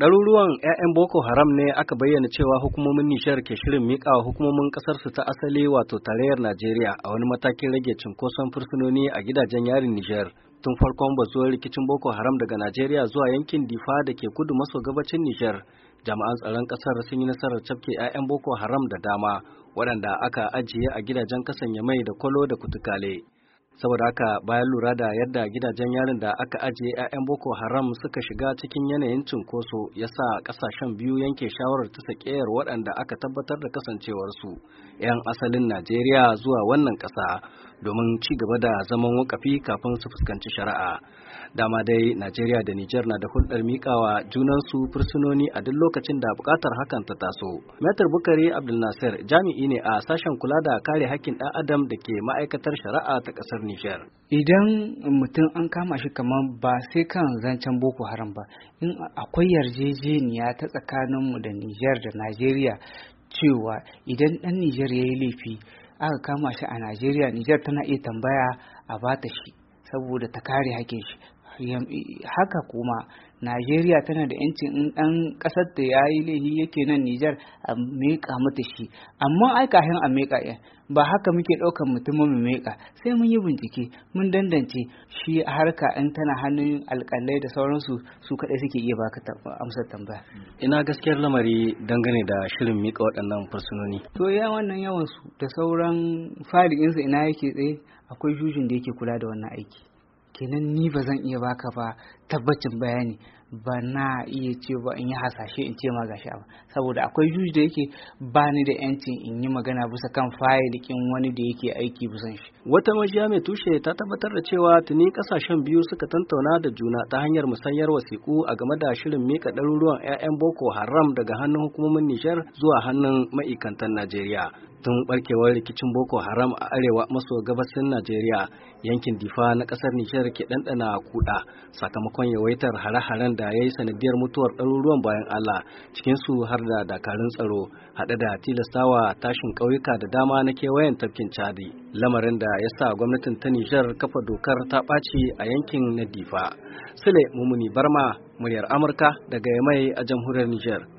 Ɗaruruwan 'ya'yan Boko Haram ne aka bayyana cewa hukumomin Nijar ke shirin miƙa wa hukumomin ƙasarsu ta asali wato tarayyar Najeriya a wani matakin rage cinkoson fursunoni a gidajen yarin Nijar. Tun farkon bazuwar rikicin Boko Haram daga Najeriya zuwa yankin Difa da ke kudu maso gabacin Nijar, jami'an tsaron ƙasar sun yi nasarar cafke 'ya'yan Boko Haram da dama waɗanda aka ajiye a gidajen kasan yamai da kwalo da kutukale. saboda haka bayan lura da yadda gidajen yarin da aka ajiye 'ya'yan boko haram suka shiga cikin yanayin cunkoso ya sa kasashen biyu yanke shawarar ta sakeyar waɗanda aka tabbatar da kasancewarsu 'yan asalin najeriya zuwa wannan ƙasa domin ci gaba da zaman wakafi kafin su fuskanci shari'a dama dai najeriya da nijar na da hulɗar miƙawa junansu fursunoni a duk lokacin da buƙatar hakan ta taso metar bukari abdulnasir jami'i ne a sashen kula da kare hakkin ɗan adam da ke ma'aikatar shari'a ta ƙasar nijar idan mutum an kama shi kamar ba sai kan zancen boko haram ba in akwai yarjejeniya ta tsakaninmu da nijar da najeriya cewa idan ɗan nijar ya yi laifi aka kama shi a Najeriya Nijar tana iya tambaya a bata shi saboda ta kare hakin shi haka kuma najeriya tana da yanci in ɗan ƙasar da ya yi laihi yake nan nijar a meƙa mata shi amma ai kahin a meƙa ba haka muke ɗaukar mutumin mu meƙa sai mun yi bincike mun dandance shi harka in tana hannun alƙalai da sauransu su kaɗai suke iya baka amsar tambaya ina gaskiyar lamari dangane da shirin miƙa waɗannan fursunoni to ya wannan yawan su da sauran fali'insa ina yake tsaye akwai jujin da yake kula da wannan aiki kenan ni ba zan iya baka ba tabbacin bayani ba na iya ce ba in yi hasashe in ce ma gashi ba saboda akwai juji da yake ba ni da yancin in yi magana bisa kan fayilikin wani da yake aiki bisan shi wata majiya mai tushe ta tabbatar da cewa tuni kasashen biyu suka tantauna da juna ta hanyar musanyar wasiku a game da shirin mika ɗaruruwan 'ya'yan boko haram daga hannun hukumomin nijar zuwa hannun ma'ikantan najeriya tun barkewar rikicin boko haram a arewa maso gabashin najeriya yankin difa na ƙasar nijar ke ɗanɗana kuɗa sakamakon yawaitar hare-haren da da ya yi sanadiyar mutuwar ɗaruruwan bayan Allah cikinsu har da dakarun tsaro haɗe da tilastawa tashin ƙauyuka da dama na kewayen tafkin Chadi lamarin da ya sa gwamnatin ta Nijar kafa dokar ta ɓaci a yankin na Difa. Sule Mumuni Barma muryar Amurka daga Yamai a jamhuriyar Nijar.